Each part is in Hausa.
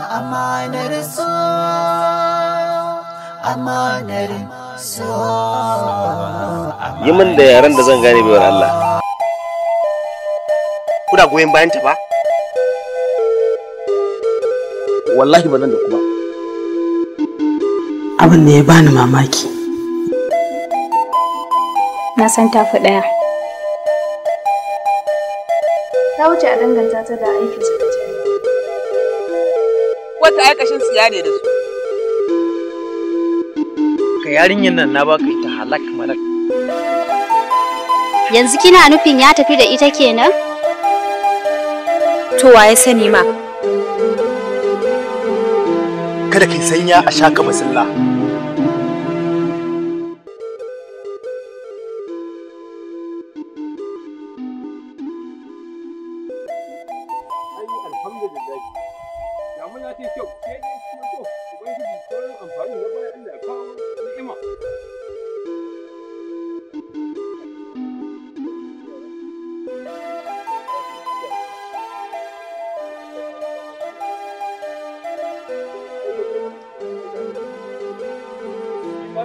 Amanar so, amanar so. Yi min da yaren da zan gane baiwar Allah. Kuna goyon bayan ba? Wallahi ba nan da kuma. Abin da ya bani mamaki. Na san Ta wuce a danganta ta da aikinsa. wata aikashin siya ne da su ka yarinyar nan na baka ita halak malak yanzu kina nufin ya tafi da ita kenan to waye sani ma kada ki sanya a shaka masalla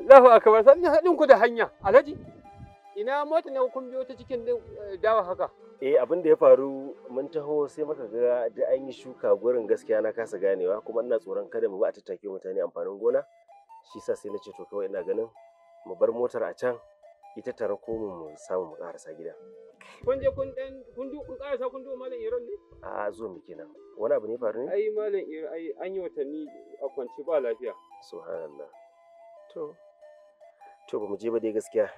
Allahu akbar san hadin ku da hanya Alhaji ina mota ne kun biyo ta cikin eh, dawa haka eh abin da ya faru mun taho sai muka ga da an yi shuka gurin gaskiya na kasa ganewa kuma ina tsoron kada mu ba a tattake mutane amfanin gona shi sa sai na ce to kawai ina ganin mu bar motar a can ita tare ko mu mu samu mu karasa gida kun je kun dan kun du kun karasa kun du malam iron ne a zo mu kenan wani abu ne faru ne ai malam iron ai an yi watanni a kwance ba lafiya subhanallah to to ba mu je ba dai gaskiya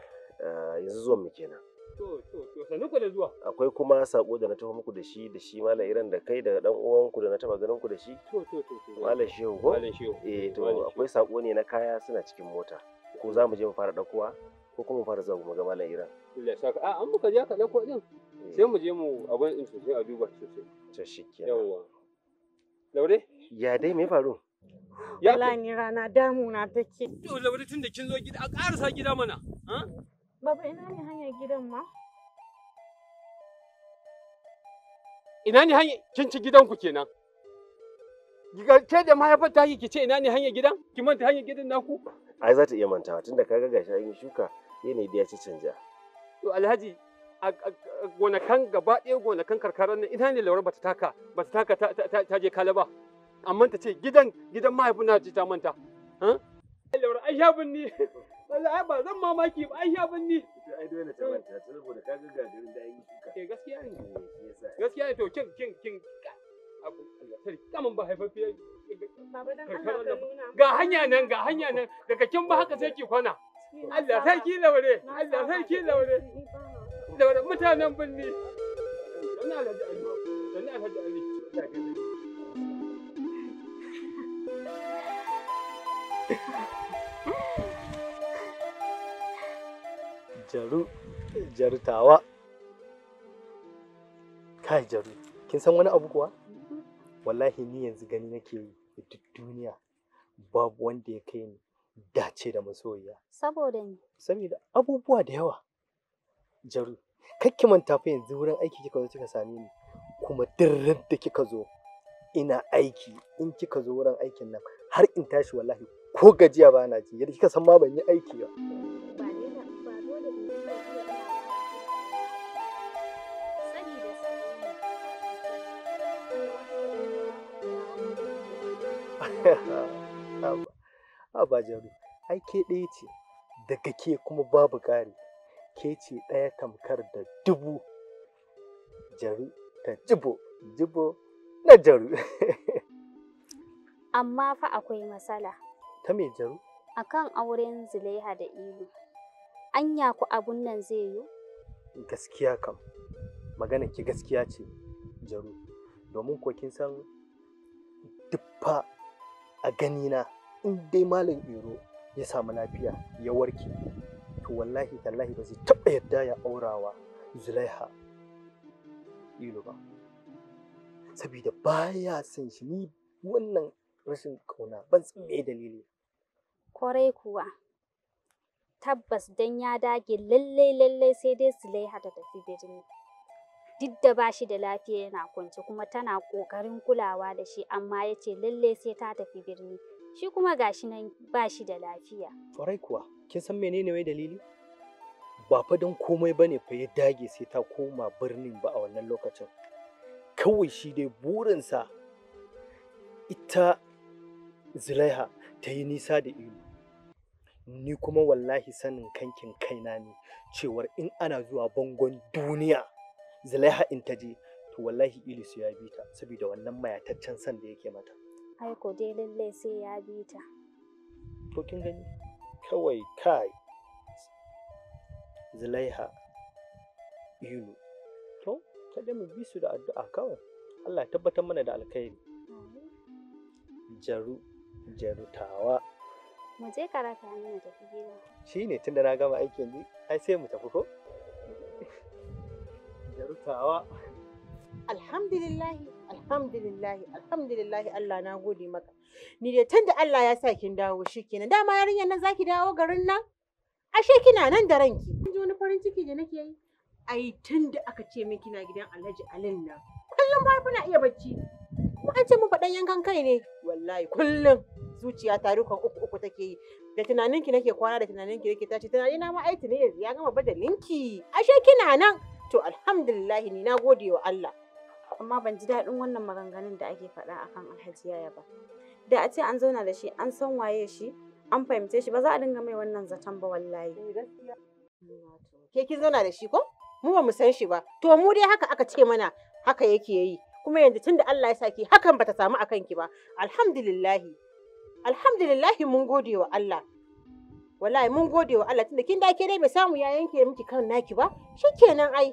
ah, yanzu zuwan mu kenan to to to sanin ku da zuwa akwai kuma sako da na tafi muku da shi da shi malam iran da kai da dan uwan ku da na taba ganin ku da shi to to to to. malam shehu ko malam shehu eh to akwai sako ne na kaya suna cikin mota ko za mu je mu fara dakuwa ko kuma mu fara zuwa mu ga malam iran Allah saka a ah, an muka je ka dauko din eh. sai mu je mu abin in sai a duba sosai to shikenan yawa laure ya dai me faru Wala ni rana damu damuna take. To Lauri tun da kin zo gida a ƙarasa gida mana. Baba ina ne hanya gidan ma? Ina ne hanya kin ci gidan ku kenan? Ke da mahaifar ta ki ce ina ne hanya gidan? Ki manta hanya gidan naku? Ai za ta iya mantawa tunda kaga gashi an yi shuka yanayi da ya ci canja. To Alhaji a gonakan gaba ɗaya gonakan karkarar nan ina ne Laura bata taka bata taka ta je kala ba. amma ta ce gidan gidan mahaifin na ta manta lawar ai sha ai ba zan mamaki ba ai sha ai dole ta manta saboda ka ga gagarin da yi shuka eh, gaskiya ne eh, gaskiya ne to kin kin kin abu ba haifafiyar ga hanya nan ga hanya nan daga kin ba haka sai ki kwana Allah sarki laure Allah sarki laure laure mutanen binni jaru jaru tawa kai jaru kin san wani abu kuwa wallahi ni yanzu gani nake duk duniya babu wanda ya kai ni dace da masoyiya saboda ni saboda abubuwa da yawa jaru kakki manta fa yanzu wurin aiki kika zo kika same ni kuma duk da kika zo ina aiki in kika zo wurin aikin nan har in tashi wallahi ko gajiya ba na ji yadda kika san ma ban yi aiki ba Abba Jaru, ai ke ɗaya ce, daga ke kuma babu ƙari, ke ce ɗaya tamkar da dubu jaru ta jibo, jibo na jaru. Amma fa akwai matsala. ta mai jaru akan auren zulaiha da ilu anya ku abun nan zai yi gaskiya kam magana ki gaskiya ce jaru domin ko kin san duffa a ganina in dai malam iro ya samu lafiya ya warke to wallahi tallahi ba zai taɓa yarda ya aurawa zulaiha ilu ba saboda baya son shi ni wannan rashin kauna ban san me dalili Kwarai kuwa, tabbas don ya dage lallai lallai sai dai Zulaiha ta tafi birni. Duk da ba shi da lafiya yana kwance kuma tana kokarin kulawa da shi amma ya ce lallai sai ta tafi birni. Shi kuma gashi nan ba shi da lafiya. Kwarai kuwa, kin san menene wai dalili? Ba fa don komai ba ne fa ya dage sai ta koma birnin ba a wannan lokacin. Kawai shi dai burinsa ita Zulaiha ta yi nisa da ido ni kuma wallahi sanin kankin kaina ne cewar in ana zuwa bangon duniya zulaiha in ta je to wallahi ilisu ya bi ta saboda wannan mayataccen san da yake mata ai ko dai lalle sai ya bi ta to kin gani kawai kai zulaiha ilu to da mu bi su da addu'a kawai Allah tabbatar mana da alkhairi jaru jarutawa mu je karaka ne mu tafi gida shine tunda na gama aiki yanzu ai sai mu tafi ko jarutawa alhamdulillahi alhamdulillahi alhamdulillahi Allah na gode maka ni dai tunda Allah ya sa kin dawo shikenan dama yarinyar nan zaki dawo garin nan ashe kina nan da ranki kin ji wani farin ciki da nake yi ai tunda aka ce min kina gidan Alhaji Alin nan kullum ba kuna iya bacci mu an ce mun faɗan yankan kai ne wallahi kullum zuciya tarukan uku uku take yi da tunaninki nake kwana da tunaninki nake tashi tunani na ma ai tuni yanzu ya gama bada linki ashe kina nan to alhamdulillah ni na gode wa Allah amma ban ji daɗin wannan maganganun da ake faɗa akan Alhaji Yaya ba da a ce an zauna da shi an san waye shi an fahimce shi ba za a dinga mai wannan zaton ba wallahi eh, ke kin zauna da shi ko mu ba mu san shi ba to mu dai haka aka ce mana haka yake yi kuma yanzu tun da Allah ya saki hakan bata samu akan ki ba alhamdulillah alhamdulillahi mun gode wa Allah wallahi mun gode wa Allah tunda kin da ke dai bai samu ya yanke miki kan naki ba shikenan ai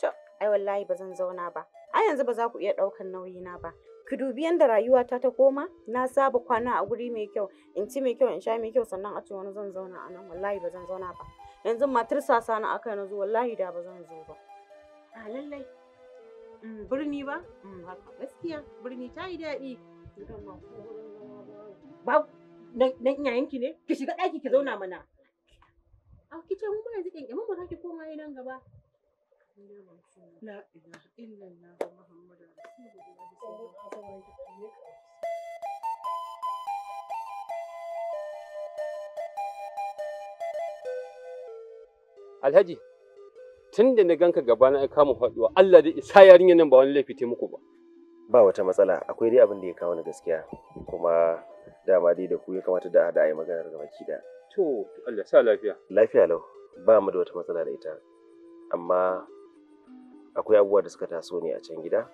to ai wallahi ba zan zauna ba ai yanzu ba za ku iya daukan nauyi na ba ki dubi yanda rayuwata ta koma na saba kwana a guri mai kyau in ci mai kyau in sha mai kyau sannan a ce wani zan zauna a nan wallahi ba zan zauna ba yanzu matar sasa na aka na wallahi da ba zan zo ba a lallai mm, birni ba mm, haka gaskiya birni ta yi daɗi Ba na iyayenki ne? Ki shiga ɗaki ki zauna mana. A ki ce mun yanzu kyankyamin ba za ki koma nan gaba. La Alhaji, tun da na ganka gaba na kama faɗuwa, Allah da isa yarinyar nan ba wani laifi taimako ba. ba wata matsala akwai dai abin da ya kawo ni gaskiya kuma dama dai da ku ya kamata da a yi maganar ga baki da to Allah sa lafiya lafiya lau ba mu da wata matsala da ita amma akwai abubuwa da suka taso ne a can gida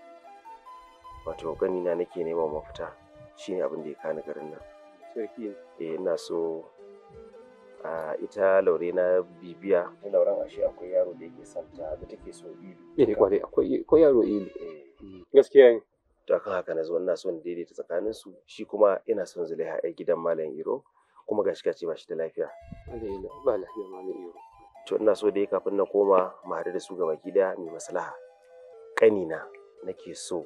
wato gani na nake neman mafita shine abin da ya kawo ni garin nan sarki eh ina so a ita laure na bibiya ni lauren ashe akwai yaro da yake santa da take so ibi eh kwarai akwai yaro ilu eh. gaskiya ne to akan haka na zo ina son daidaita tsakanin su shi kuma ina son zulaiha a gidan malam iro kuma gashi ka ce ba shi da lafiya ba lafiya malam iro to ina so dai kafin na koma mu da su ga baki daya mai maslaha ƙanina nake so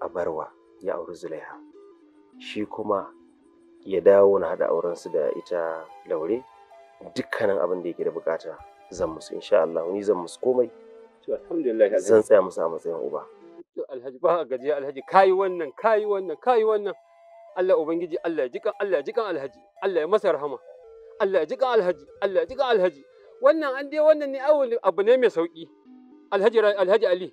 a barwa ya auri zulaiha shi kuma ya dawo na haɗa aurensu da ita laure dukkanin abin da yake da bukata zan musu insha Allah ni zan musu komai zan tsaya musu a matsayin uba alhaji ba gajiya alhaji kai wannan kai wannan kai wannan Allah ubangiji Allah ya jikan Allah ya jikan alhaji Allah ya masa rahama Allah ya jikan alhaji Allah ya jikan alhaji wannan an dai wannan ne abu ne mai sauki alhaji alhaji Ali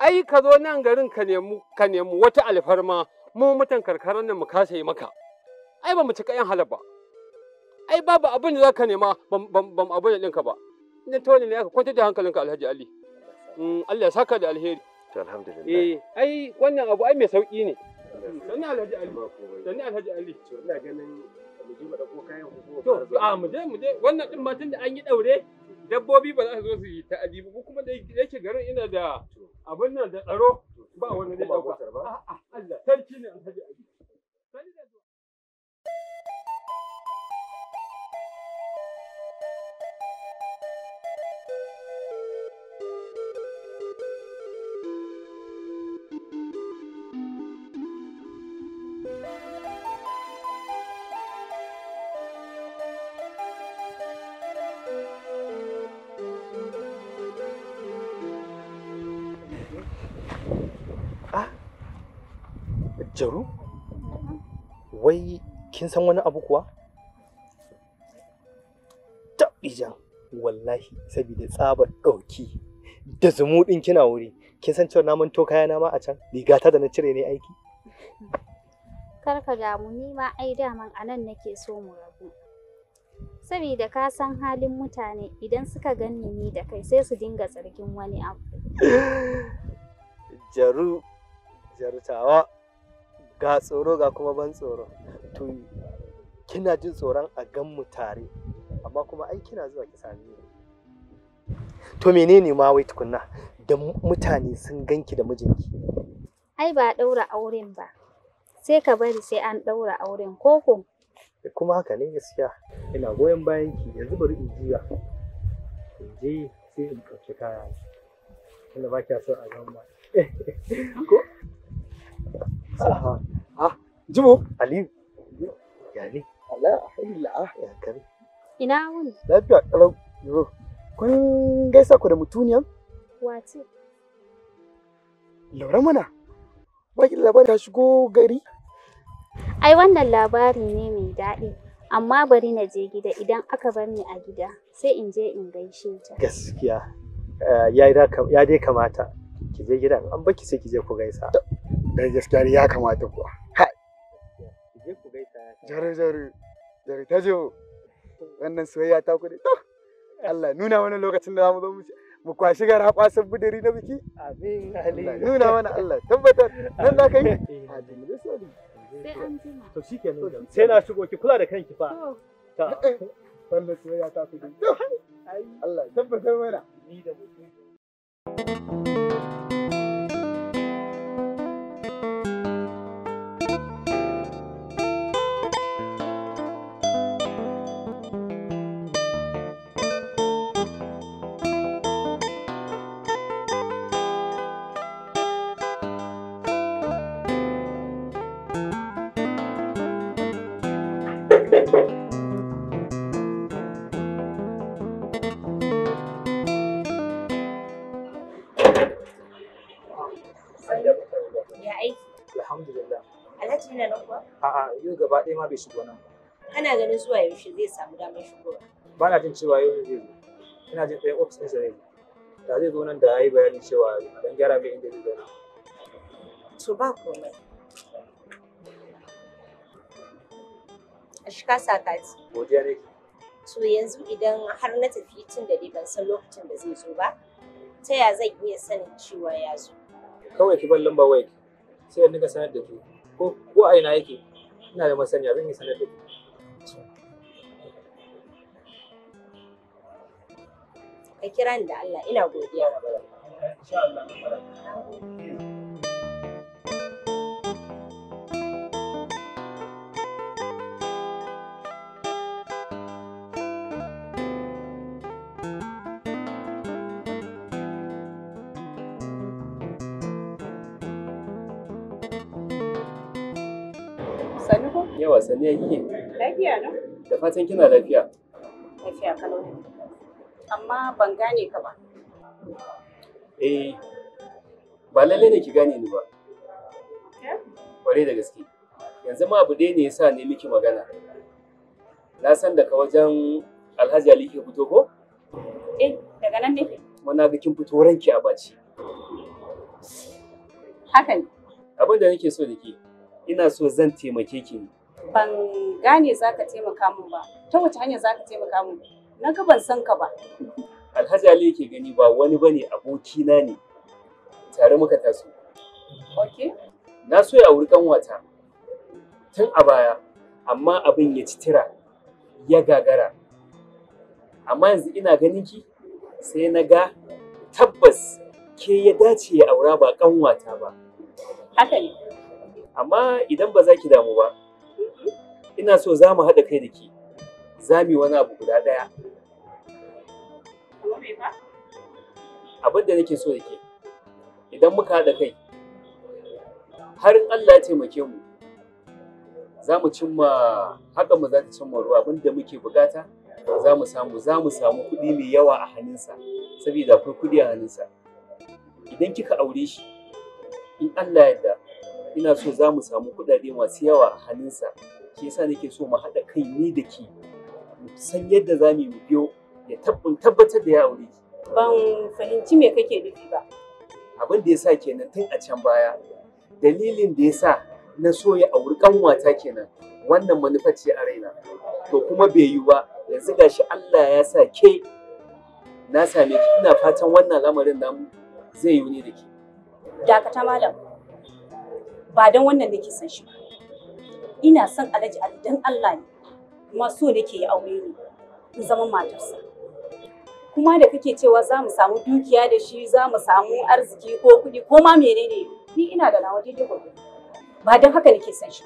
ai ka zo nan garin ka nemi ka nemi wata alfarma mu mutan karkaran nan mu kasa yi maka ai ba mu cika yan halaba ai babu abin da za ka nema bam abin da ɗinka ba ne tole ne ka kwantar da hankalinka alhaji Ali mm, Allah ya saka da alheri To alhamdulillah. Eh, ai wannan abu ai mai sauki ne. Sanni Alhaji Ali. Alhaji Ali. To ina ganin mu kayan To a mu je mu je wannan din matan da an yi daure dabbobi ba za su zo su yi ta'adi ba kuma da yake garin ina da abin nan da tsaro ba wani da dauka. A'a Allah sarki ne Alhaji Ali. Jaru? Wai kin san wani abu kuwa? Tabijan wallahi saboda tsabar ɗauki da zumuɗin kina wuri. Kin san cewa na manto kayana ma a can rigata da na cire ne aiki? Kar ka damu ni ma ai daman a nan nake so mu rabu. Saboda ka san halin mutane idan suka ganni ni da kai sai su dinga zargin wani abu. Jaru, jarutawa. ga tsoro ga kuma ban tsoro to kina jin tsoron a gan mu tare amma kuma ai kina zuwa ki sami ni to menene ma wai tukunna da mutane sun ganki da mijinki ai ba daura auren ba sai ka bari sai an daura auren koko kuma haka ne gaskiya ina goyon bayan ki yanzu bari in juya in je sai in ɗauki kaya ina ba kya so a gan ko Jibo? Aliyu. Ya ne? Allah alhamdulillah ya kare. Ina wuni? Lafiya kalau. Yo. Kun gaisa ku da mutuniyan? Wace? Laura mana. Ba ki labari ta shigo gari? Ai wannan labari ne mai daɗi. Amma bari na je gida idan aka bar ni a gida sai in je in gaishe ta. Gaskiya. Eh, ya dai kamata ki je gidan an baki sai ki je ku gaisa. dan gaskiya ya kamata kuwa ha je ku gaisa jare jare jare ta jiwo wannan soyayya ta ku to Allah nuna mana lokacin da za mu zo mu kwashi gara kwasan budiri na biki amin ali nuna mana Allah tabbatar nan da kai amin da sori sai to shikenan sai na shigo ki kula da kanki fa ta eh, eh. wannan soyayya ta ku Allah tabbatar mana ni da mutum Thank you. gaba ɗaya ma bai shigo nan ba kana ganin zuwa yaushe zai samu damar shigowa ba na jin cewa yau zai zo ina jin ɗayan ofis ɗinsa zai da zai zo nan da ya yi bayanin cewa dan gyara mai inda zai nan. to ba komai a shiga sakati godiya ne to yanzu idan har na tafi tun da dai ban san lokacin da zai zo ba ta ya zan iya sanin cewa ya zo kawai ki bar lamba waya sai in ga sanar da ke ko ko a ina yake ina da masaniya zan yi sanar da ku ka kira ni da Allah ina godiya Ya wasanni yake? Lafiya ne. Da fatan kina lafiya? Lafiya kalau. Amma ban gane ka ba. Eh, ba lallai ne ki gane ni ba. Kwarai da gaske. Yanzu ma abu dai ne yasa ne miki magana. Na san daga wajen Alhaji Ali ke fito ko? Eh, daga nan nake. Wana ga kin fito ranki a baci. Haka ne. Abin da nake so da ke, ina so zan taimake ki ne. ban gane za ka taimaka min ba ta wace hanya za ka taimaka min na ga ban san ka ba alhaji ali yake gani ba wani bane abokina ne tare muka taso ok na so ya auri ƙanwata tun a baya amma abin ya ci tira ya gagara amma yanzu ina ganin ki sai na ga tabbas ke ya dace ya aura ba kanwata ba haka ne amma idan ba za ki damu ba ina so za mu haɗa kai da ke za mu yi wani abu guda ɗaya abin da nake so da ke idan muka haɗa kai har in Allah ya taimake mu za mu cimma haka mu za ta cimma ruwa abin da muke bukata za mu samu za mu samu kuɗi mai yawa a hannunsa saboda akwai kuɗi a hannunsa idan kika aure shi in Allah ya yarda ina so za mu samu kudade masu yawa a hannunsa shi yasa nake so mu haɗa kai ni da ke mu san yadda za mu biyo ya tabbatar da ya aure ki. Ban fahimci me kake nufi ba. Abin da ya kenan tun a can baya dalilin da yasa na so ya auri ƙanwata kenan wannan manufa ce a raina to kuma bai yi ba yanzu gashi Allah ya sa ke na same ki ina fatan wannan lamarin namu zai yi ne da ke. Dakata malam ba don wannan nake son shi ina son Alhaji Ali dan Allah ne kuma so nake yi aure ne in zama matarsa kuma da kake cewa za mu samu dukiya da shi za mu samu arziki ko kuɗi ko ma menene ni ina da nawa daidai gobe ba don haka nake son shi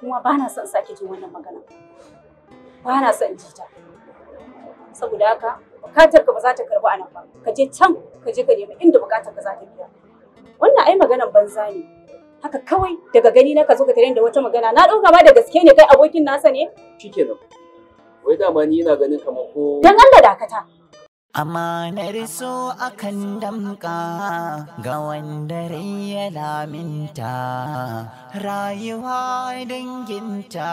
kuma ba na son sake jin wannan magana ba na son ji ta saboda haka bukatar ka ba za ta karbi a nan ba ka je can ka je ka nemi inda bukatar ka za ta biya wannan ai maganar banza ne haka kawai daga gani na ka zo ka tare da wata magana na dauka ma da gaske ne kai abokin nasa ne shikenan wai dama ni ina ganin kamar ko dan Allah dakata Amanar so akan damka ga wanda rai ya laminta rayuwa danginta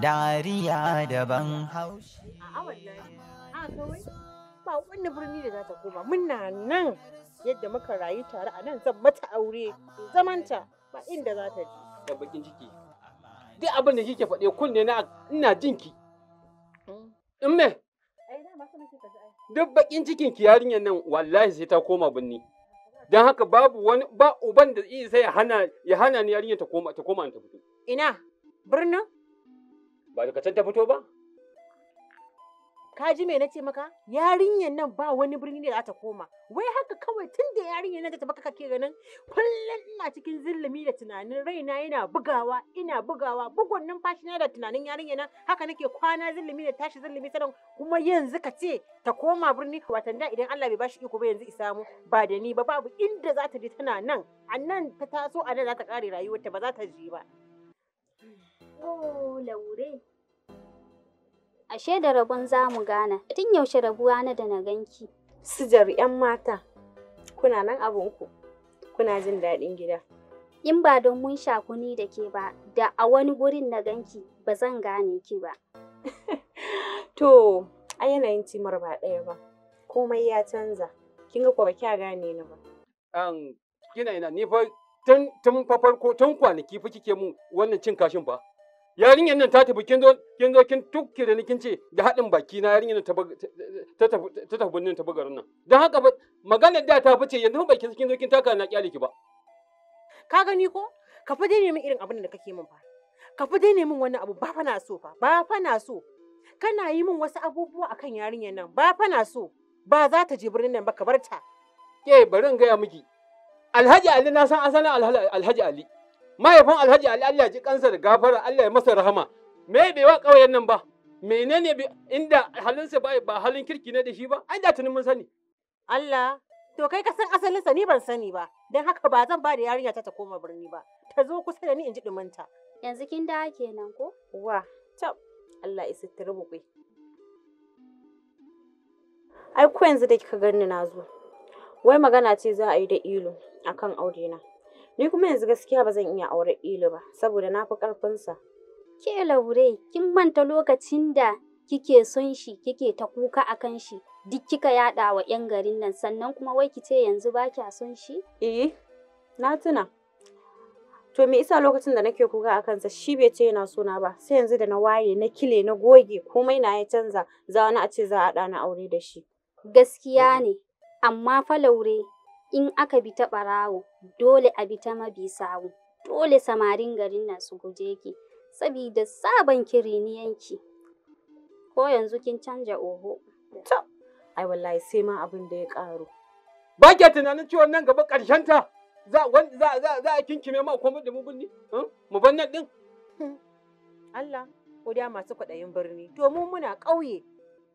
dariya daban haushi. A kawai ba wani birni da za ta koma muna nan yadda muka rayu tare a nan zan mata aure zamanta ba inda za ta je da bakin ciki duk abin da kike faɗe kunne na ina jinki in me duk bakin cikin ki yarinyar nan wallahi sai ta koma binni don haka babu wani ba uban da zai sai ya hana ya hana ni yarinyar ta koma ta koma ta fito ina birnin ba da ka ta fito ba ka ji me nace maka yarinyar nan ba wani birni da za ta koma wai haka kawai tun da yarinyar nan ta baka kake ganin kullum ina cikin zillumi da tunanin raina yana bugawa ina bugawa bugun numfashi na da tunanin yarinyar nan haka nake kwana zillumi da tashi zillumi sanan kuma yanzu ka ce ta koma birni watan da idan Allah bai bashi iko ba yanzu isa mu ba da ni ba babu inda za ta je tana nan a nan ta taso a nan za ta kare rayuwarta ba za ta je ba. Oh, laure. Ashe da rabon za mu gana. Tun yaushe rabuwa na da na ganki. Sijar 'yan mata, kuna nan abinku, kuna jin daɗin gida. In ba don mun ni da ke ba, da a wani gurin na ganki ba zan gane ki ba. to, a yanayin timar ba ɗaya ba, komai ya canza. Kin ga ba kya gane ni ba. An, kina ina ni fa tun farko tun kwanaki fi kike mun wannan cin kashin ba. yarinyar nan ta tafi kin zo kin tukke da nikin ce da haɗin baki na yarinyar nan ta tafi ta ta bugarin nan don haka maganar da ta fice yanzu baki kin zo kin taka na kyale ki ba ka gani ko ka fi dai min irin abin da kake min fa ka fi dai min wani abu ba fa na so fa ba fa na so kana yi min wasu abubuwa akan yarinyar nan ba fa na so ba za ta je birnin nan ba ka bar ta ke bari in gaya miki Alhaji Ali na san asalin Alhaji Ali mahaifin alhaji ali Allah ji kansa da gafara Allah ya masa rahama me bai wa ƙauyen nan ba menene inda halinsa ba ba halin kirki ne da shi ba ai da tunin mun sani Allah to kai ka san asalinsa ni ban sani ba dan haka ba zan ba da yarinya ta ta koma birni ba ta zo kusa da ni in ji manta. yanzu kin da kenan ko wa tab Allah ya sitira mu kai ai ku yanzu da kika gani na zo wai magana ce za a yi da ilo akan aure na Ni kuma yanzu gaskiya ba zan iya aure Ilu ba saboda na fi ƙarfinsa. Ke Laure, kin manta lokacin da kike son shi kike ta kuka akan shi duk kika yada wa 'yan garin nan sannan kuma wai kice yanzu ba kya son shi? Eh, na tuna. To me isa lokacin da nake kuka a kansa shi bai ce yana sona ba sai yanzu da na waye na kile na goge komai na ya canza za wani a ce za a dana aure da shi. Gaskiya ne, amma fa laure in aka bi ta ɓarawo dole a bi ta mabi sawu dole samarin garin nan su guje ki sabida sabon kiriniyanki ko yanzu kin canja oho to ai wallahi sai ma abin da ya ƙaru ba ke tunanin cewa nan gaba ƙarshen ta za a kinkime ma kuma da hm? mu birni mu ban nan din hmm. Allah ko da masu kwaɗayin birni to mu muna ƙauye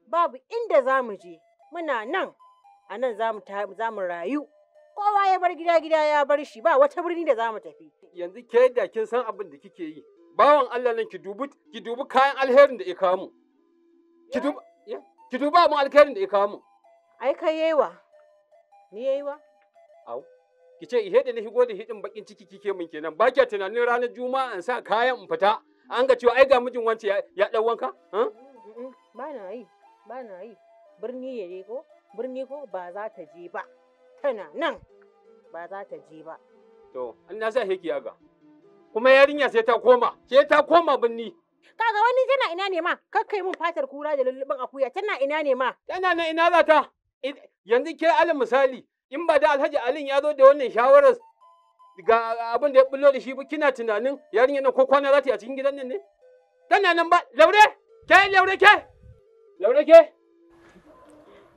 babu inda za mu je muna nan a nan za mu rayu kowa ya bar gida gida ya bar shi ba wata birni da za mu tafi yanzu ke da kin san abin da kike yi bawan Allah nan ki dubi ki dubi kayan alherin da ya kawo mu ki dubi ki dubi mu alherin da ya kawo mu ai kai yaiwa. ni yaiwa. au ki ce ihe da ni higo da hidin bakin ciki kike min kenan ba ki tunanin ranar juma'a an sa kayan in fita an ga cewa ai ga mijin wance ya dan wanka ba na yi ba na yi birni ya ko birni ko ba za ta je ba tana nan ba za ta je ba. To, an na sa heki yaga. Kuma yarinya sai ta koma, sai ta koma binni. Kaga wani tana ina ne ma, kakkai mun fatar kura da lullubin akuya, tana ina ne ma. Tana nan ina za ta. Yanzu kira alim misali, in ba da Alhaji Alin ya zo da wannan shawarar ga abin da ya bullo da shi kina tunanin yarinya nan ko kwana za ta a cikin gidan nan ne? Tana nan ba, laure, ke laure ke, laure ke,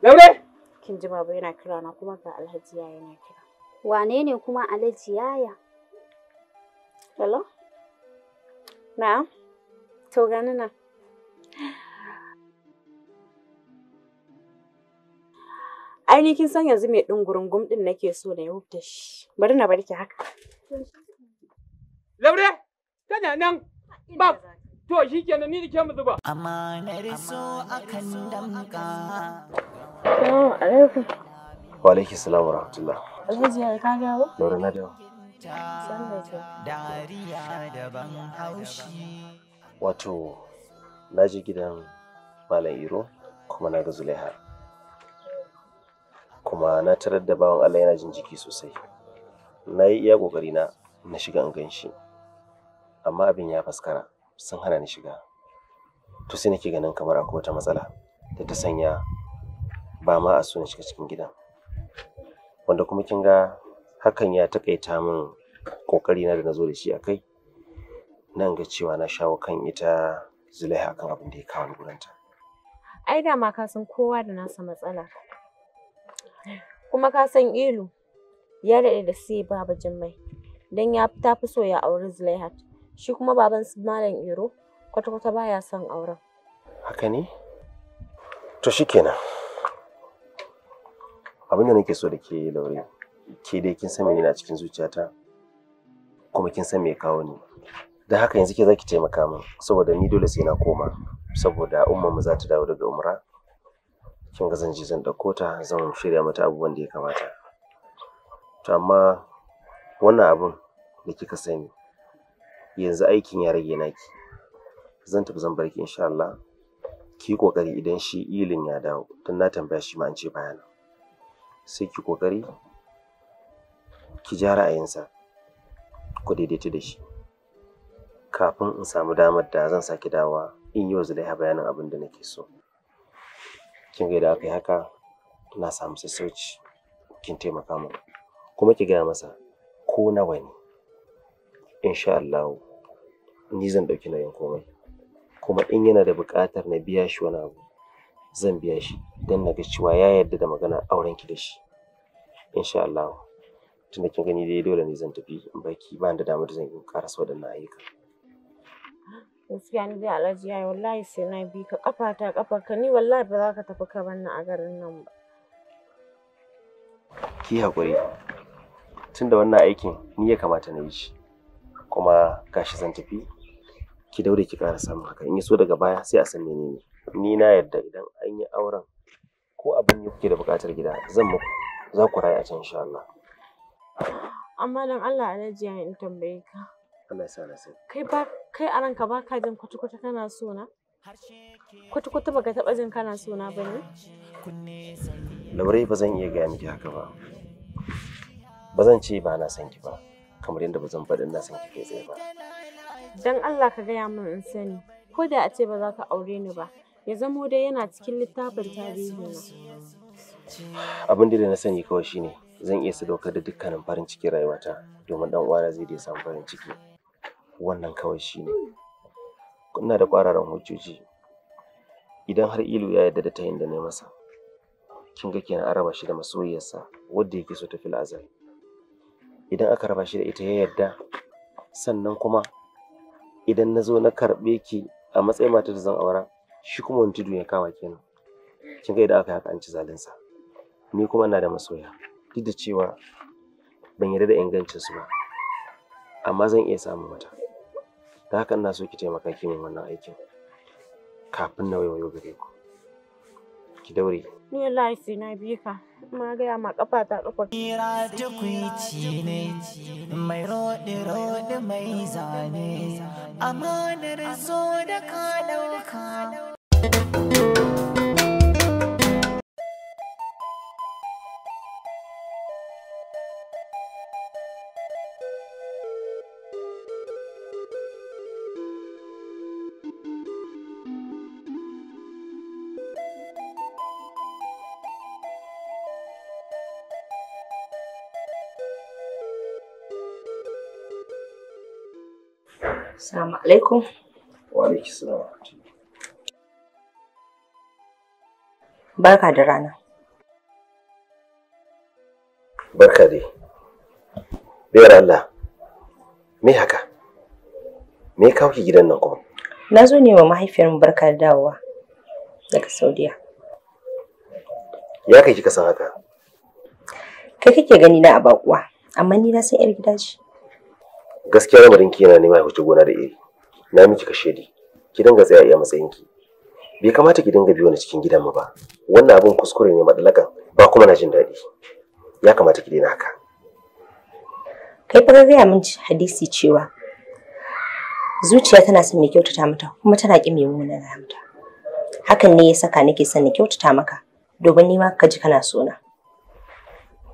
laure. kin ji ba yana kira na kuma ga alhaji yaya yana kira wane ne kuma alhaji yaya hello Na? to gani na? ai kin san yanzu mai gurin ɗin nake so na yi hubta shi bari na barki haka laure tana nan ba to shikenan ni da ke mu zuba amanar so akan damka Wa alaikum salam wa rahmatullah. Alhaji ya ka na dawo. Dariya haushi. Wato, na je gidan Malam Iro kuma na ga Zulaiha. Kuma na tarar da bawan Allah yana jin jiki sosai. Na yi iya ƙoƙari na na shiga in gan shi. Amma abin ya faskara sun hana ni shiga. To sai nake ganin kamar akwai wata matsala da ta sanya ba ma a so na shiga cikin gidan wanda kuma kin ga hakan ya takaita min kokari na da na zo da shi a kai nan ga cewa na shawo kan ita zulaiha kan abin da ya kawo gurinta ai dama ka san kowa da nasa matsala kuma ka san ilu ya daɗe da sai baba jimmai dan ya ta fi so ya auri zulaihat shi kuma baban su malam iro kwata-kwata baya son auren haka ne to shikenan abin da nake so da ke laure ke dai kin san menene a cikin zuciyata kuma kin san me kawo ni da haka yanzu ke zaki taimaka min saboda ni dole sai na koma saboda umman mu za ta dawo daga umra kin ga zan je zan dauko ta zan shirya mata abubuwan da ya kamata to amma wannan abun da kika sani yanzu aikin ya rage naki zan tafi zan barki insha Allah ki kokari idan shi ilin ya dawo don na tambaya shi ma an ce bayana sai ki kokari ki ja ra'ayinsa ku daidaita da shi kafin in samu damar da zan sake dawa in yi wa zulaiha bayanin abin da nake so kin ga da aka yi haka na samu sassauci kin taimaka min kuma ki gaya masa ko nawa ne insha Allah ni zan ɗauki nauyin komai kuma in yana da buƙatar na biya shi wani abu zan biya shi don na ga cewa ya yarda da maganar auren ki da shi insha Allah tunda kin gani dai dole ne zan tafi in baki ba da damar zan yi karasa waɗannan ayyuka gaskiya ni dai alhaji yayi wallahi sai na bi ka kafa ta kafa ka ni wallahi ba za ka tafi ka bar a garin nan ba ki hakuri tunda wannan aikin ni ya kamata na yi shi kuma gashi zan tafi ki daure ki ƙara samun haka in ya so daga baya sai a san menene ni na yarda idan an yi auren ko abin da kuke da buƙatar gida zan muku za ku raya a can insha Allah amma dan Allah alaji ya in tambaye ka Allah ya sa sai kai ba kai a ranka ka jin kwata-kwata kana so na kwata-kwata baka taɓa jin kana so na ba ne laure ba zan iya gaya miki haka ba ba zan ce ba na san ki ba kamar yadda ba zan faɗi na san ki kai tsaye ba dan Allah ka gaya min in sani ko da a ce ba za ka aure ni ba ya zamo dai yana cikin littafin tarihina. Abin da na sani kawai shine zan iya sadaukar da dukkanin farin cikin rayuwata domin dan uwana zai iya samu farin ciki. Wannan kawai shine. Ina da kwararan hujjoji. Idan har Ilu ya yarda da tayin da na masa, kin ga kenan araba raba shi da masoyiyarsa wanda yake so ta fil azal. Idan aka raba shi da ita ya yarda, sannan kuma idan na zo na karɓe ki a matsayin matar da zan aura, shi kuma wani tudu ya kawa kenan kin ga idan aka haka an ci zalinsa ni kuma ina da masoya duk da cewa ban yarda da ingancin su ba amma zan iya samun wata ta haka ina so ki taimaka ki min wannan aikin kafin na wayo gare ku ki daure ni wallahi sai na bi ka ma gaya ma kafa ta kafa kira tukwici ne mai rodi rodi mai zane amanar zo da ka dauka Assalamu alaikum. Wa alaikum salam. Barka da rana. Barka dai. Biyar Allah, me haka? Me ya kawo ki gidan nan kuma? Na zo ne wa mahaifiyarmu barka da dawowa daga Saudiya. Ya kai kika san haka? Kai kake gani na a bakuwa, amma ni na san 'yar gida ce. gaskiya lamarin ki yana nema ya wuce gona da iri na miki di. ki dinga tsaya iya matsayin ki bai kamata ki dinga biyo ni cikin gidan mu ba wannan abin kuskure ne madalaka ba kuma na jin daɗi ya kamata ki daina haka kai fa zai min hadisi cewa zuciya tana son mai kyautata mata kuma tana ki mai na mata hakan ne ya saka nake son na kyautata maka domin ni ka ji kana sona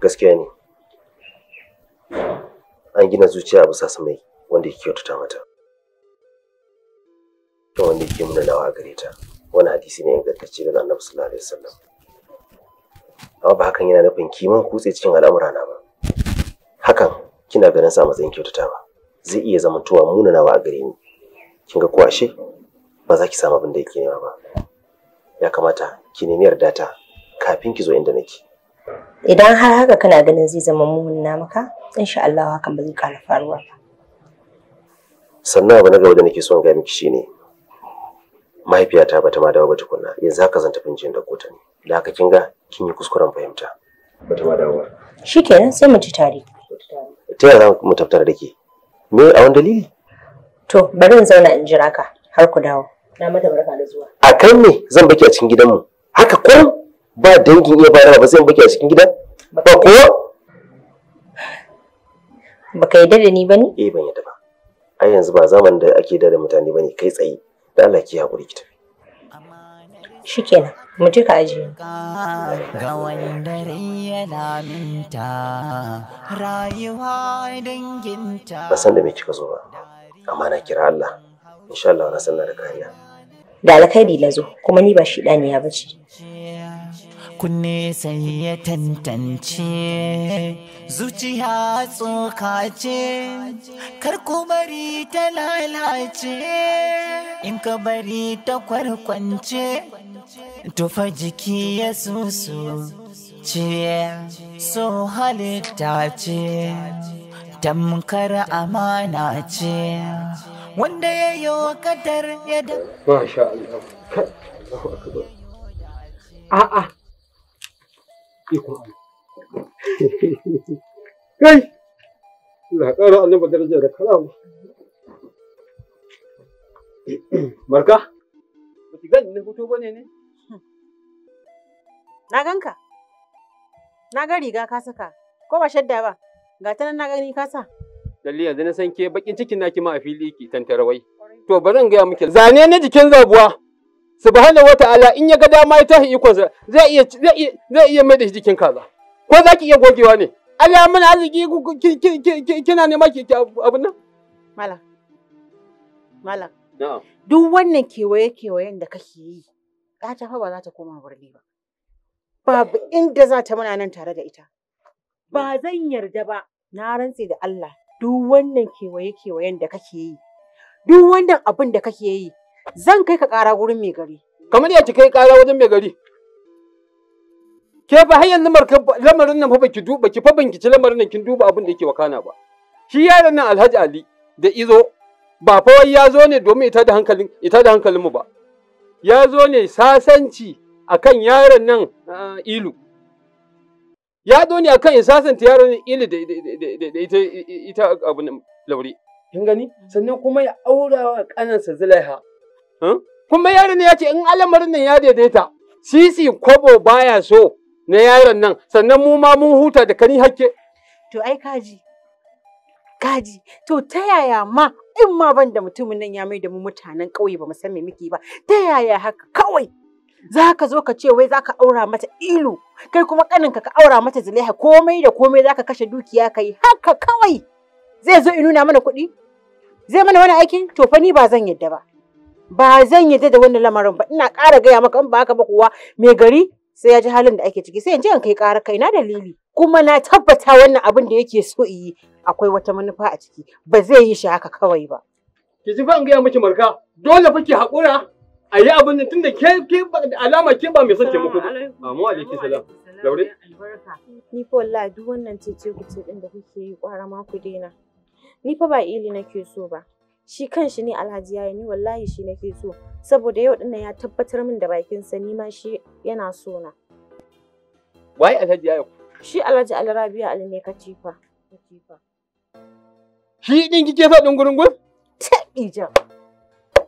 gaskiya ne an gina zuciya a bisa samai wanda yake kyautata mata kan wanda yake muna nawa gare ta wani hadisi ne ingantacce daga annabi sallallahu alaihi wasallam amma ba hakan yana nufin kiman kutse cikin al'amura na ba hakan kina ganin sa matsayin kyautata ba zai iya zamantowa muna nawa a gare ni kin ga kwashe ba za ki samu abin da yake nema ba ya kamata ki nemi yarda ta kafin ki zo inda nake Idan har haka kana ganin zai zama na maka, insha Allah hakan ba zai ƙara faruwa ba. Sannan abu na gaba da nake son ga miki shine mahaifiyata bata ma dawo ba tukunna yanzu haka zan tafi jin da kota ne da haka kin ga kin yi kuskuren fahimta bata ma dawo ba shikenan sai mu ci tare ta yaya mu taftar da ke me a wani dalili to bari in zauna in jira ka har ku dawo na mata barka da zuwa a kan ne zan baki a cikin gidanmu haka ko? ba dangin iya bayarwa ba sai in baki a cikin gida ba Ba ka yadda da ni ba ne eh ban yadda ba ai yanzu ba zaman da ake da mutane bane kai tsaye da Allah ki hakuri ki tafi shikenan mu ji ka aje ga wanda yana minta rayuwa danginta ba san da me kika zo ba amma na kira Allah insha Allah na sanar da kariya da alkhairi lazo kuma ni ba shi ya bace kunne sai ya tantance zuciya tsoka ce kar ku bari ta lalace in ka bari ta kwarkwance tufa jiki ya susu ce so halitta ce tamkar amana ce wanda ya yi kadar ya da Masha Allah, A'a, Kai! Allah ƙara ba darajar da ba marka Ba ki gani na hoto ba ne ne? Hmm. Na ganka. Na ga riga ka saka, ko ba shadda ba, ga ta nan na gani ka sa. Lalle yanzu na san ke bakin cikin naki ma a fili ki tantarawai. To bari in gaya miki zane ne jikin zabuwa. subhanahu wata'ala in ya ga dama ya tashi ikonsa zai iya zai iya mai da shi jikin kaza ko za ki iya gogewa ne Allah ya mana arziki kina nema ki abin nan mala mala duk wannan kewaye kewayen da kake yi ka ta fa ba za ta koma birni ba babu inda za ta muna nan tare da ita ba zan yarda ba na rantse da Allah duk wannan kewaye kewayen da kake yi duk wannan abin da kake yi Zan kai ka ƙara gurin mai gari. Kamar ya ki kai ƙara wajen mai gari. Ke fa har yanzu lamarin nan fa baki duba ki fa bankici lamarin nan kin duba abin da yake wakana ba. Shi yaron nan Alhaji Ali da izo ba fa wai ya zo ne domin ita da hankalin ita da hankalin mu ba. Ya zo ne sasanci akan yaron nan uh, ilu. Ya zo ne akan sasanta yaron ilu da ita ita abin laure. Kin gani? Sannan kuma ya aurawa kanansa Zulaiha. Kuma yaron ya ce in alamarin nan ya daidaita, sisi kwabo baya so na yaron nan, sannan mu ma mun huta da kani hakke. To ai kaji, kaji, to ta yaya ma in ma ban da mutumin nan ya mai da mu mutanen ƙauye ba san me muke ba, ta yaya haka kawai za ka zo ka ce wai za ka aura mata ilu kai kuma kaninka ka aura mata zuleha komai da komai za ka kashe dukiya ka haka kawai zai zo in nuna mana kuɗi zai mana wani aikin to fa ni ba zan yadda ba ba zan yi da wannan lamarin ba ina ƙara gaya maka in ba haka ba kuwa mai gari sai ya ji halin da ake ciki sai in ji in kai ƙara kai na dalili kuma na tabbata wannan abin da yake so yi akwai wata manufa a ciki ba zai yi shi haka kawai ba ki ji ban gaya miki marka dole fa ki haƙura a yi abin da tunda ke ke alama ke ba mai son muku ba amma alaikum salam laure ni fa wallahi duk wannan cece ku ce din da kuke yi ƙwara ma ku daina ni fa ba ili nake so ba shi kan shi ne alhaji yayi ni wallahi shi nake so saboda yau dinnan ya tabbatar min da sa ni ma shi yana so na wai alhaji yayi shi alhaji alrabiya ne kacifa kacifa shi din kike faɗin gurungun ta ijan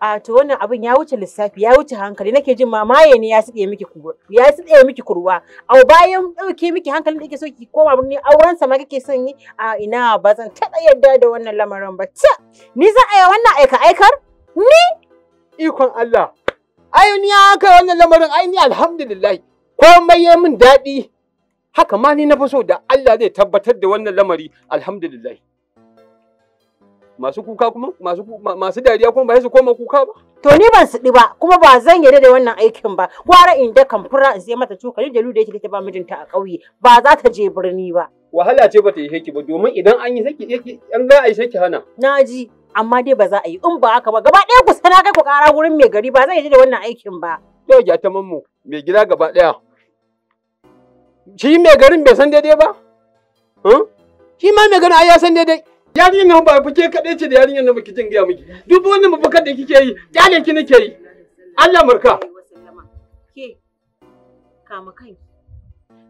a to wannan abin ya wuce lissafi ya wuce hankali nake jin mamaye ne ya siɗe miki kurwa ya siɗe miki kurwa au bayan ɗauke miki hankalin da kike so ki koma birni auren sa ma kake son yi a ina ba zan taɓa yadda da wannan lamarin ba ta ni za a yi wannan aika aikar ni ikon Allah ai ni ya kai wannan lamarin ai ni alhamdulillah komai ya min daɗi haka ma ni na fi so da Allah zai tabbatar da wannan lamari alhamdulillah masu kuka kuma masu masu dariya kuma ba su koma kuka ba to ni ban sidi ba kuma ba zan yarda da wannan aikin ba gwara in da kamfura in sai mata cokali da da yake ta ba mijinta a ƙauye ba za ta je birni ba wahala ce ba ta yi shaki ba domin idan an yi saki an za a yi shaki hana na ji amma dai ba za a yi in ba haka ba gaba ɗaya ku sana kai ku ƙara wurin mai gari ba zan yarda da wannan aikin ba to ya ta mammu mai gida gaba ɗaya shi mai garin bai san daidai ba shi ma mai garin ai ya san daidai yarinyar nan ba ke kaɗai ce da yarinyar nan baki jin gaya miki duk wannan mafakar da kike yi kyalen ki nake yi Allah murka ke kama kanki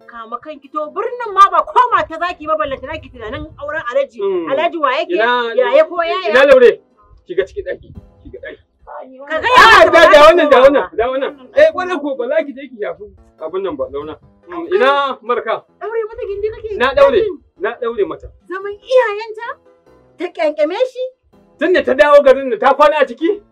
kama kanki to birnin ma ba koma ta zaki ba ballanta naki tunanin auren alaji hmm. alaji wa yake yaya ko yaya ina laure shiga ciki daki shiga daki ka ga ya ah, da da wannan da wannan da wannan eh wannan ko bala ki je ki shafi abin nan ba launa hmm, ina marka daure mata gindi kake na daure na daure mata zaman iyayenta Ta kyankyame shi? Tunda ta dawo garin da ta kwana a ciki?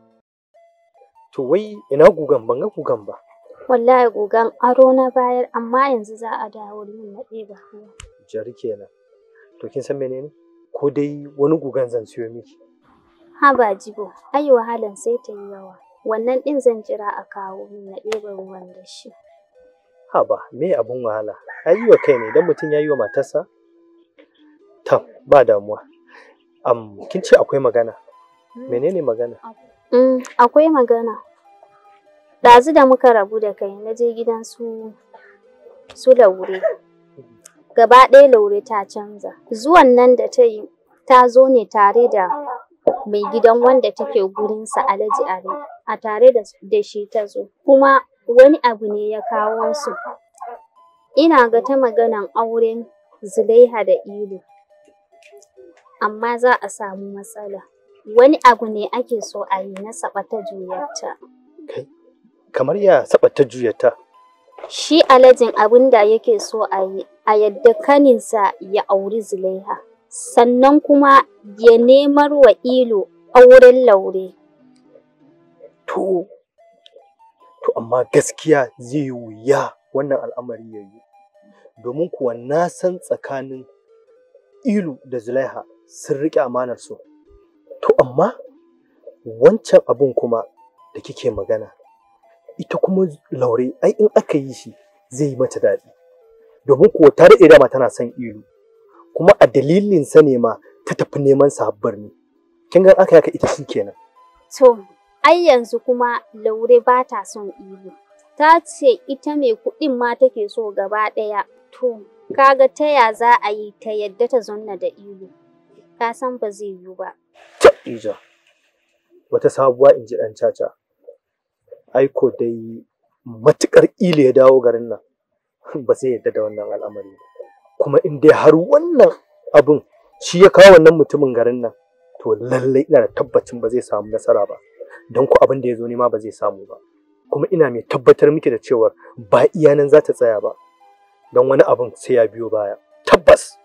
To wai ina gugan ban ga gugan ba. Wallahi gugan aro na bayar amma yanzu za a dawo min na ɗeba. Jar kenan. To kin san menene? Ko dai wani gugan zan siyo miki. Ha ba jibo, ai wahalan sai ta yi yawa. Wannan ɗin zan jira a kawo min na ɗeba ruwan da shi. Ha ba, me abun wahala? Ai wa kai ne idan mutum ya yi wa matarsa? Tam, ba damuwa. kin ce akwai magana. Hmm. Menene magana? Mm, akwai magana. Ɗazu da muka rabu da kai, na je gidan su su laure. Gaba ɗaya laure ta canza. Zuwan nan da ta yi, ta zo ne tare da mai gidan wanda take gurinsa Alhaji Are, a tare da shi ta zo. Kuma wani abu ne ya kawo su. Ina ga ta maganan auren Zulaiha da Ilu. amma za a samu matsala. Wani abu ne ake so a yi na saɓata juyarta. kamar ya saɓata juyarta? Shi alajin abin da yake so a yi, a yadda kaninsa ya auri Zulaiha, sannan kuma ya nemar wa ilo auren laure. To, to amma gaskiya zai wuya wannan al'amari ya yi, domin kuwa na san tsakanin ilu da Zulaiha sun riƙe amanar su to amma wancan abun kuma da kike magana ita kuma laure ai in aka yi shi zai yi mata daɗi domin kuwa ta daɗe dama tana son ilu kuma a dalilin sa ne ma ta tafi neman sahabbar ne kin ga aka yaka ita shikenan to ai yanzu kuma laure ba ta son ilu ta ce ita mai kuɗin ma take so gaba ɗaya to kaga ta ya za a yi ta yadda ta zanna da ilu Ka san ba zai yiwu ba. Ija, wata sabuwa in ji ɗan caca. Aiko dai matuƙar ile ya dawo garin nan ba zai yadda da wannan al'amari Kuma in dai har wannan abun shi ya kawo wannan mutumin garin nan to lallai ina da tabbacin ba zai samu nasara ba. Don ku abin da ya zo ma ba zai samu ba. Kuma ina mai tabbatar miki da cewar ba iyanan za ta tsaya ba. Don wani abun sai ya biyo baya. Tabbas.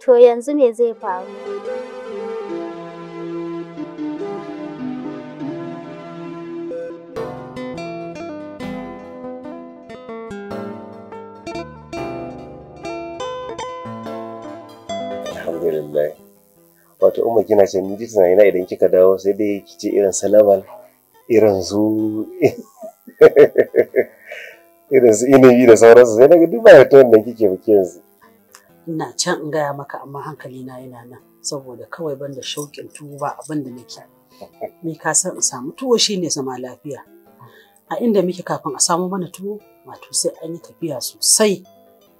To yanzu me zai faru? Wato Umar, kina ce ni tunani na idan kika dawo sai dai kice irin salaman irin su irin su inayi da sauransu sai na duk ba ta wannan kike ba yanzu. ina can in gaya maka amma hankali na yana nan saboda kawai ban da shauƙin tuwo ba abin da nake ni ka san in samu tuwo shine zama lafiya a inda muke kafin a samu mana tuwo wato sai an yi tafiya sosai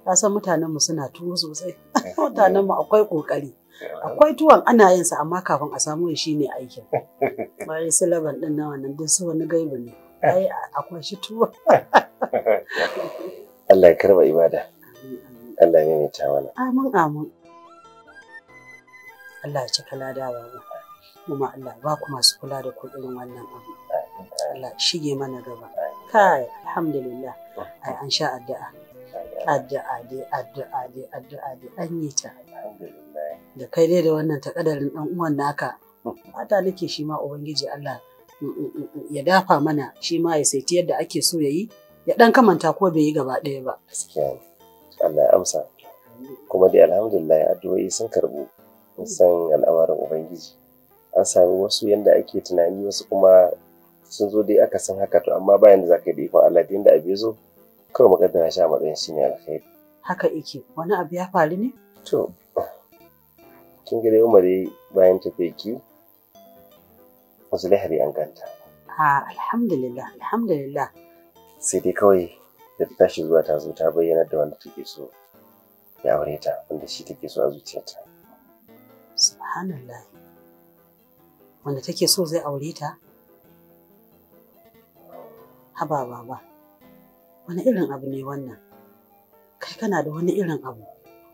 ka san mutanenmu suna tuwo sosai mutanenmu akwai kokari akwai tuwon ana yin sa amma kafin a samu shi ne aikin bai silaban din na wannan duk su wani gaibi ne ai akwai shi tuwo Allah ya karba ibada Allah ya ta mana. Amin amin. Allah ya cika lada ba kuma Allah ba ku masu kula da ku irin wannan abu. Allah shige mana gaba. Kai alhamdulillah ai an sha addu'a. Addu'a dai addu'a dai addu'a dai an yi ta. Da kai dai da wannan takadarin dan uwan naka. Mata nake shi ma Ubangiji Allah mm, mm, mm, ya dafa mana shi ma ya saiti yadda ake so ya yi ya dan kamanta ko bai yi gaba ɗaya ba. Gaskiya. Allah ya amsa kuma dai alhamdulillah addu'o'i sun karbu san al'amarin ubangiji an sami wasu yanda ake tunani wasu kuma sun zo dai aka san haka to amma bayan da zaka yi ikon Allah da inda abu zo kawai magana sha matsayin shi ne alkhairi haka yake wani abu ya faru ne to kin ga dai Umar bayan ki wasu lahari an ganta a ah, alhamdulillah alhamdulillah sai dai kawai da ta tashi zuwa ta zo ta bayyana da wanda take so ya aure ta wanda shi take so a zuciyarta subhanallah wanda take so zai aure ta haba baba wani irin abu ne wannan kai kana da wani irin abu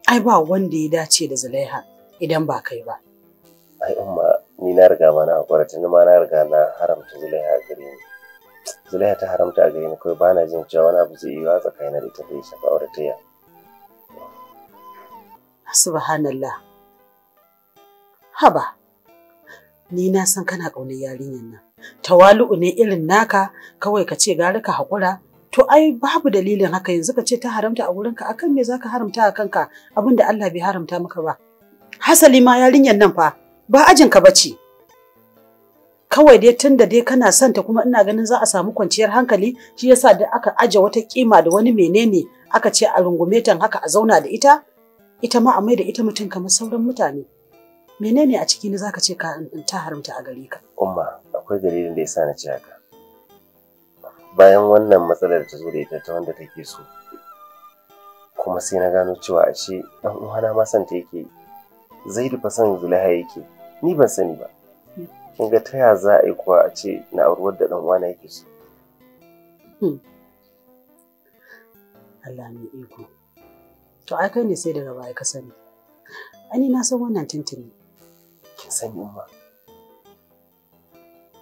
ai ba wanda ya dace da zulaiha idan ba kai ba ai umma ni na riga ma na hakura tun ma na riga na haramta zulaiha a gare ni zulaiha ta haramta a gare ni kawai bana jin cewa wani abu zai yiwa tsakanin da ita ya shafa auratayya subhanallah haba ni na san kana ƙaunar yarinyar nan tawalu'u ne irin naka kawai ka ce gari ka haƙura to ai babu dalilin haka yanzu ka ce ta haramta a wurinka akan me zaka haramta a kanka abinda Allah bai haramta maka ba hasali ma yarinyar nan fa ba ajin ka bace kawai dai tun da dai kana son ta kuma ina ganin za a samu kwanciyar hankali shi yasa da aka aje wata kima da wani menene aka ce a rungume ta haka a zauna da ita ita ma a mai da ita mutum kamar sauran mutane menene a ciki ne zaka ce ka ta haramta a gare ka umma akwai dalilin da yasa na ce haka bayan wannan matsalar ta zo da ita ta wanda take so kuma sai na gano cewa a ce dan uwana ma san ta yake zaidu fa san zulaiha yake ni ban sani ba kin ga ta za a yi kuwa a ce na auruwar da ɗan wani yake so hmm. Allah mai iko to ai kai ne sai daga baya ka sani ani na san wannan tintini kin sani umma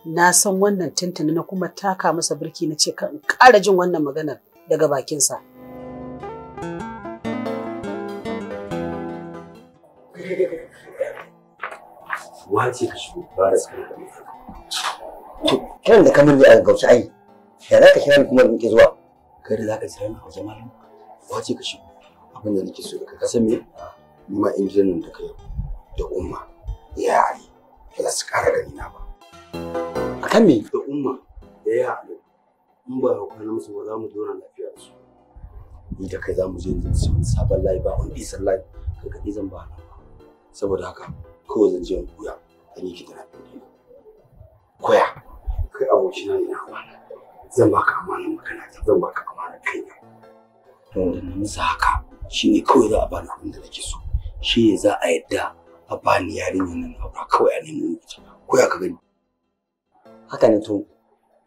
na san wannan tintini na kuma taka masa birki na ce kan ƙara jin wannan maganar daga bakinsa. sa wace ka shigo ba da sakar da kiran da kamar da gausa ai da za ka kira ni kuma da nake zuwa kai da za ka kira ni a zama nan wace ka shigo abin da nake so da ka kasa me ni ma injinin da kai da umma ya ali ba za su kara gani na ba akan me da umma da ya ali in ba ka kwana musu ba za mu zauna lafiya da su ni da kai za mu je yanzu sabon layi ba on isan layi kai kaɗai zan ba nan ba saboda haka kawai zan je kuya a yi gidan ne koya kai abokina ne na amana zan baka amana magana zan baka amana amanar kaina musa haka shi kawai za a bani abin da nake so shi ne za a yadda a bani yarinyar nan aura kawai a nemi ita koya ka gani haka ne to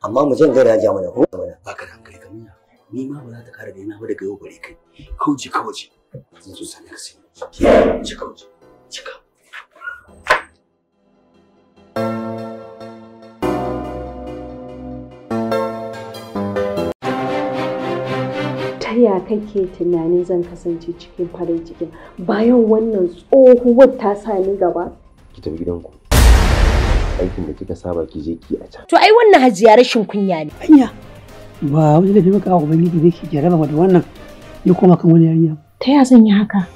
amma mu jan gara ja mana ko ba ka da hankali kamar ya ni ma ba za ta kara daina ba daga yau bare kai kauce kauce zan so sanar sai cika ya kake tunanin zan kasance cikin farin ciki bayan wannan tsohuwar ta sa ni gaba ki tafi gidanku aikin da kika saba ki je ki a can to ai wannan hajiya rashin kunya ne anya ba wani da maka abu bane ki ki ba da wannan ya koma kan wani yarinya ta ya zan yi haka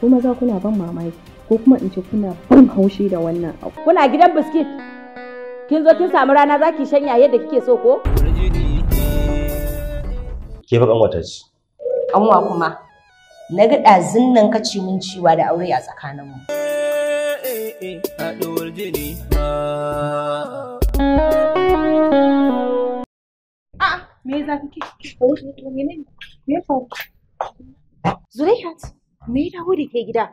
kuma za kuna ban mamaki ko kuma in ce kuna bin haushi da wannan abu kuna gidan biskit kin zo kin samu rana za ki shanya yadda kike so ko ke fa kanwata ce kanwa kuma na ga ɗazin nan ka ci min ciwa da aure a tsakaninmu haɗuwar me za ka ke? Zulaihat, me ya dawo da ke gida?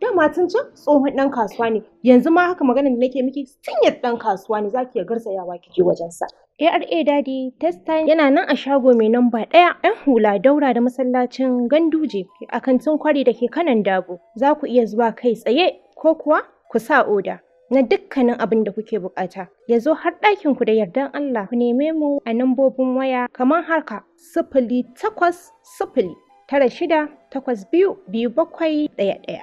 da matan can tsohon dan kasuwa ne yanzu ma haka magana da nake miki sun dan kasuwa ne zaki ya garzayawa kike wajen sa ARA Daddy test time yana nan a shago mai namba ɗaya ‘yan hula daura da masallacin ganduje a kantin kwari da ke kanan dabo za ku iya zuwa kai tsaye ko kuwa ku sa oda na dukkanin abin da kuke bukata ya zo har ɗakin ku da yardan Allah ku neme mu a nambobin waya kamar harka sifili takwas sifili tara shida takwas biyu biyu bakwai ɗaya ɗaya.